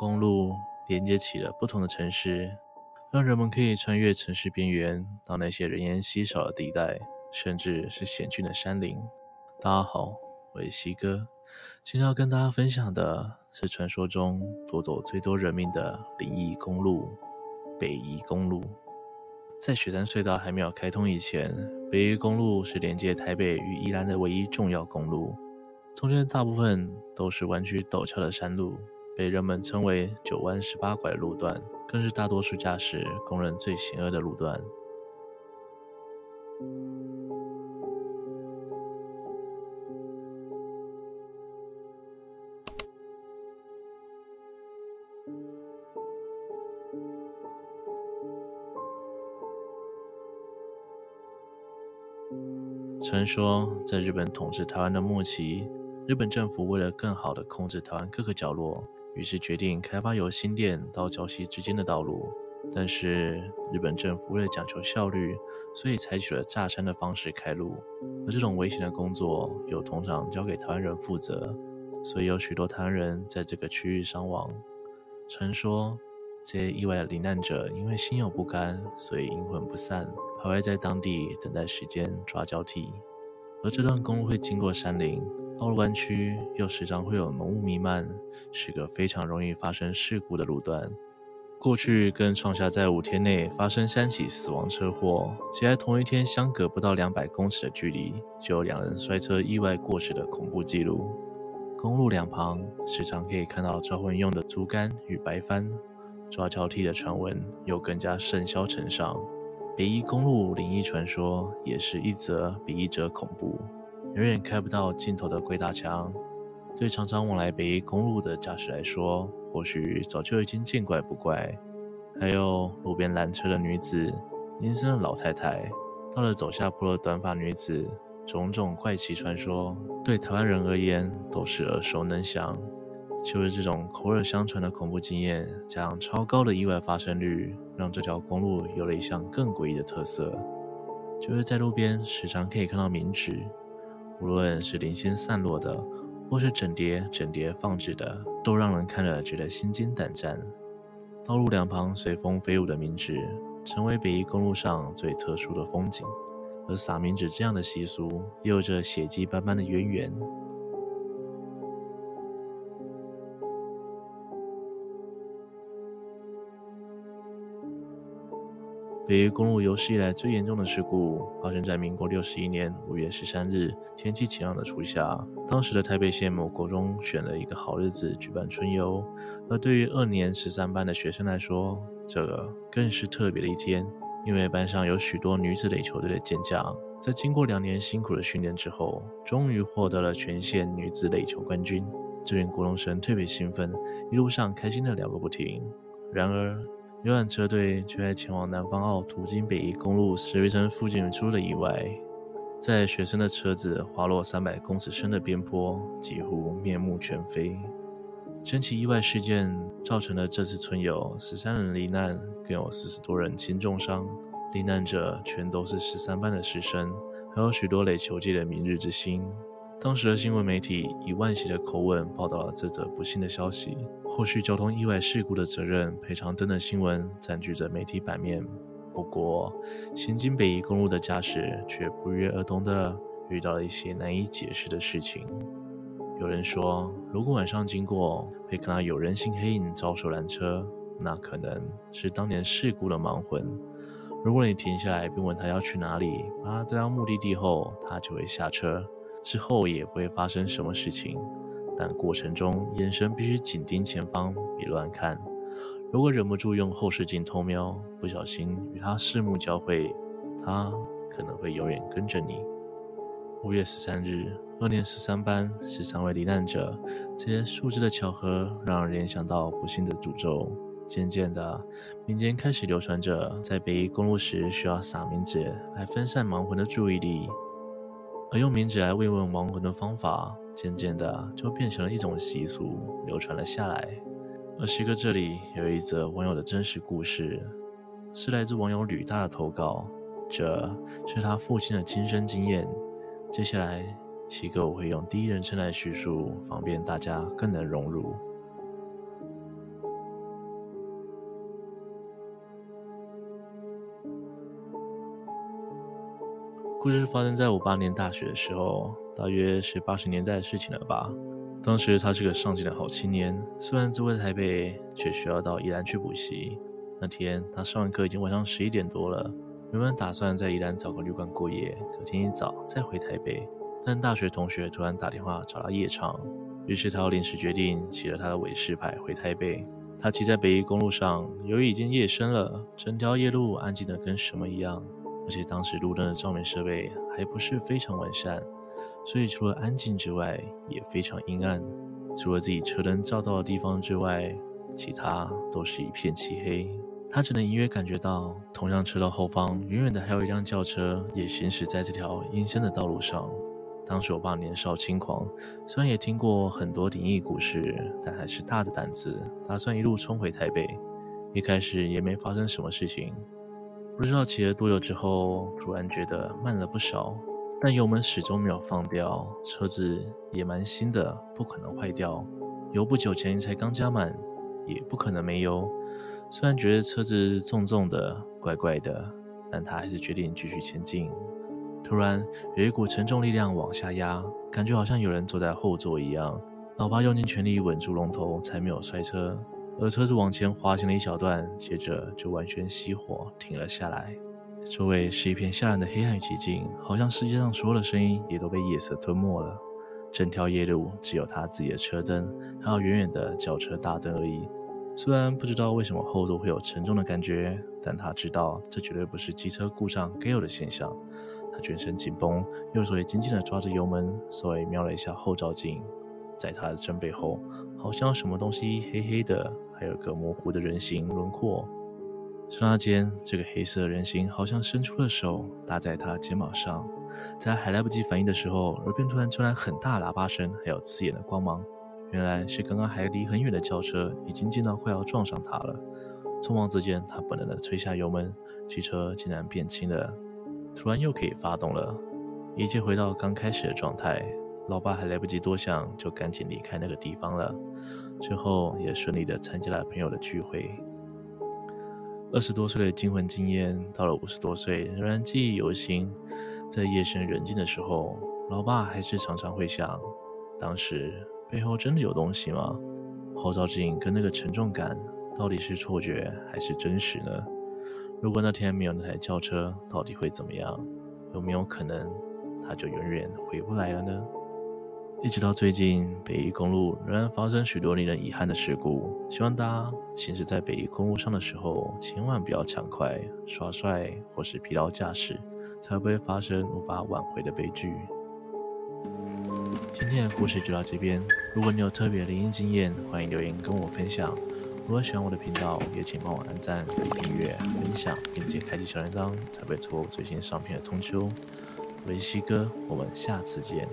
公路連接起了不同的城市，讓人們可以穿越城市邊緣，到那些人煙稀少的地帶，甚至是險峻的山林。大家好，我是西哥，今天要跟大家分享的是傳說中奪走最多人命的靈異公路——北宜公路。在雪山隧道還沒有開通以前，北宜公路是連接台北與宜蘭的唯一重要公路，中間大部分都是彎曲陡峭的山路。被人們稱為“九彎十八拐”的路段，更是大多數駕駛公認最險惡的路段。傳說，在日本統治台灣的末期，日本政府為了更好的控製台灣各個角落。於是決定開發由新店到礁溪之間的道路，但是日本政府為了講求效率，所以採取了炸山的方式開路，而這種危險的工作又通常交給台灣人負責，所以有許多台灣人在這個區域傷亡。傳說這些意外的罹難者因為心有不甘，所以陰魂不散，徘徊在當地等待時間抓交替，而這段公路會經過山林。道路彎曲，又時常會有濃霧彌漫，是個非常容易發生事故的路段。過去更創下在五天內發生三起死亡車禍，且在同一天相隔不到兩百公尺的距離，就有兩人摔車意外過世的恐怖記錄。公路兩旁時常可以看到招魂用的竹竿與白幡，抓交替的傳聞又更加甚囂塵上。北宜公路靈異傳說也是一則比一則恐怖。永遠，遠開不到盡頭的鬼打牆，對常常往來北宜公路的駕駛來說，或許早就已經見怪不怪。還有路邊攔車的女子、陰森的老太太、到了走下坡的短髮女子，種種怪奇傳說，對台灣人而言都是耳熟能詳。就是這種口耳相傳的恐怖經驗，加上超高的意外發生率，讓這條公路有了一項更詭異的特色，就是在路邊時常可以看到冥紙。無論是零星散落的，或是整疊整疊放置的，都讓人看了覺得心驚膽戰。道路兩旁隨風飛舞的冥紙，成為北宜公路上最特殊的風景。而撒冥紙這樣的習俗，也有着血跡斑斑的淵源。北宜公路有史以來最嚴重的事故，發生在民國六十一年五月十三日，天氣晴朗的初夏。當時的台北縣某國中選了一個好日子舉辦春遊，而對於二年十三班的學生來說，這個更是特別的一天，因為班上有許多女子壘球隊的健將，在經過兩年辛苦的訓練之後，終於獲得了全縣女子壘球冠軍。這令國中生特別興奮，一路上開心的聊個不，不停。然而，遊覽車隊卻在前往南方澳，途經北宜公路石圍城附近出了意外，在學生的車子滑落三百公尺深的邊坡，幾乎面目全非。這起意外事件造成了這次春遊十三人罹難，更有四十多人輕重傷。罹難者全都是十三班的師生，還有許多壘球界的明日之星。當時的新聞媒體以惋惜的口吻報道了這則不幸的消息。後續交通意外事故的責任賠償等等新聞佔據着媒體版面。不過，行經北宜公路的駕駛卻不約而同地遇到了一些難以解釋的事情。有人說，如果晚上經過，會看到有人形黑影招手攔車，那可能是當年事故的亡魂。如果你停下來並問他要去哪裡，把他帶到目的地後，他就會下車。之後也不會發生什麼事情，但過程中眼神必須緊盯前方，別亂看。如果忍不住用後視鏡偷瞄，不小心與他四目交匯，他可能會永遠跟着你。五月十三日，二年十三班，十三位罹難者，這些數字的巧合讓人聯想到不幸的詛咒。漸漸的，民間開始流傳着，在北宜公路時需要撒冥紙來分散亡魂的注意力。而用冥紙來慰問亡魂的方法，漸漸地就變成了一種習俗，流傳了下來。而西哥這裡有一則網友的真實故事，是來自網友呂大的投稿，這是他父親的親身經驗。接下來，西哥我會用第一人稱來敘述，方便大家更能融入。故事發生在五八年大學的時候，大約是八十年代的事情了吧。當時他是個上進的好青年，雖然住在台北，卻需要到宜蘭去補習。那天他上完課，已經晚上十一點多了。原本打算在宜蘭找個旅館過夜，隔天一早再回台北。但大學同學突然打電話找他夜場，於是他臨時決定騎着他的偉士牌回台北。他騎在北宜公路上，由於已經夜深了，整條夜路安靜得跟什麼一樣。而且當時路燈的照明設備還不是非常完善，所以除了安靜之外，也非常陰暗。除了自己車燈照到的地方之外，其他都是一片漆黑。他只能隱約感覺到，同樣車道後方，遠遠的還有一輛轎車也行駛在這條陰森的道路上。當時我爸年少輕狂，雖然也聽過很多靈異故事，但還是大着膽子打算一路衝回台北。一開始也沒發生什麼事情。不知道騎了多久之後，突然覺得慢了不少，但油門始終沒有放掉。車子也蠻新的，不可能壞掉。油不久前才剛加滿，也不可能沒油。雖然覺得車子重重的、怪怪的，但他還是決定繼續前進。突然有一股沉重力量往下壓，感覺好像有人坐在後座一樣。老爸用盡全力穩住龍頭，才沒有摔車。而車子往前滑行了一小段，接着就完全熄火停了下來。周圍是一片嚇人的黑暗與寂靜，好像世界上所有的聲音也都被夜色吞沒了。整條夜路只有他自己的車燈，還有遠遠的轎車大燈而已。雖然不知道為什麼後座會有沉重的感覺，但他知道這絕對不是機車故障該有的現象。他全身緊繃，右手也緊緊地抓着油門，所以瞄了一下後照鏡，在他的正背後，好像有什麼東西黑黑的。還有個模糊的人形輪廓，剎那間，這個黑色的人形好像伸出了手，搭在他的肩膀上。在他還來不及反應的時候，耳邊突然傳來很大的喇叭聲，還有刺眼的光芒。原來是剛剛還離很遠的轎車，已經近到快要撞上他了。匆忙之間，他本能地吹下油門，汽車竟然變輕了，突然又可以發動了，一切回到剛開始的狀態。老爸還來不及多想，就趕緊離開那個地方了。之後也順利的參加了朋友的聚會。二十多歲的驚魂經驗，到了五十多歲仍然記憶猶新。在夜深人靜的時候，老爸還是常常會想：當時背後真的有東西嗎？後照鏡跟那個沉重感到底是錯覺還是真實呢？如果那天沒有那台轎車，到底會怎麼樣？有沒有可能他就永遠回不來了呢？一直到最近，北宜公路仍然發生許多令人遺憾的事故。希望大家行駛在北宜公路上的時候，千萬不要搶快、耍帥或是疲勞駕駛，才不會發生無法挽回的悲劇。今天的故事就到這邊。如果你有特別的靈異經驗，歡迎留言跟我分享。如果喜歡我的頻道，也請幫我按讚、訂閱、分享，並且開啟小鈴鐺，才不會錯過最新上片的通秋。我是西哥。我們下次見。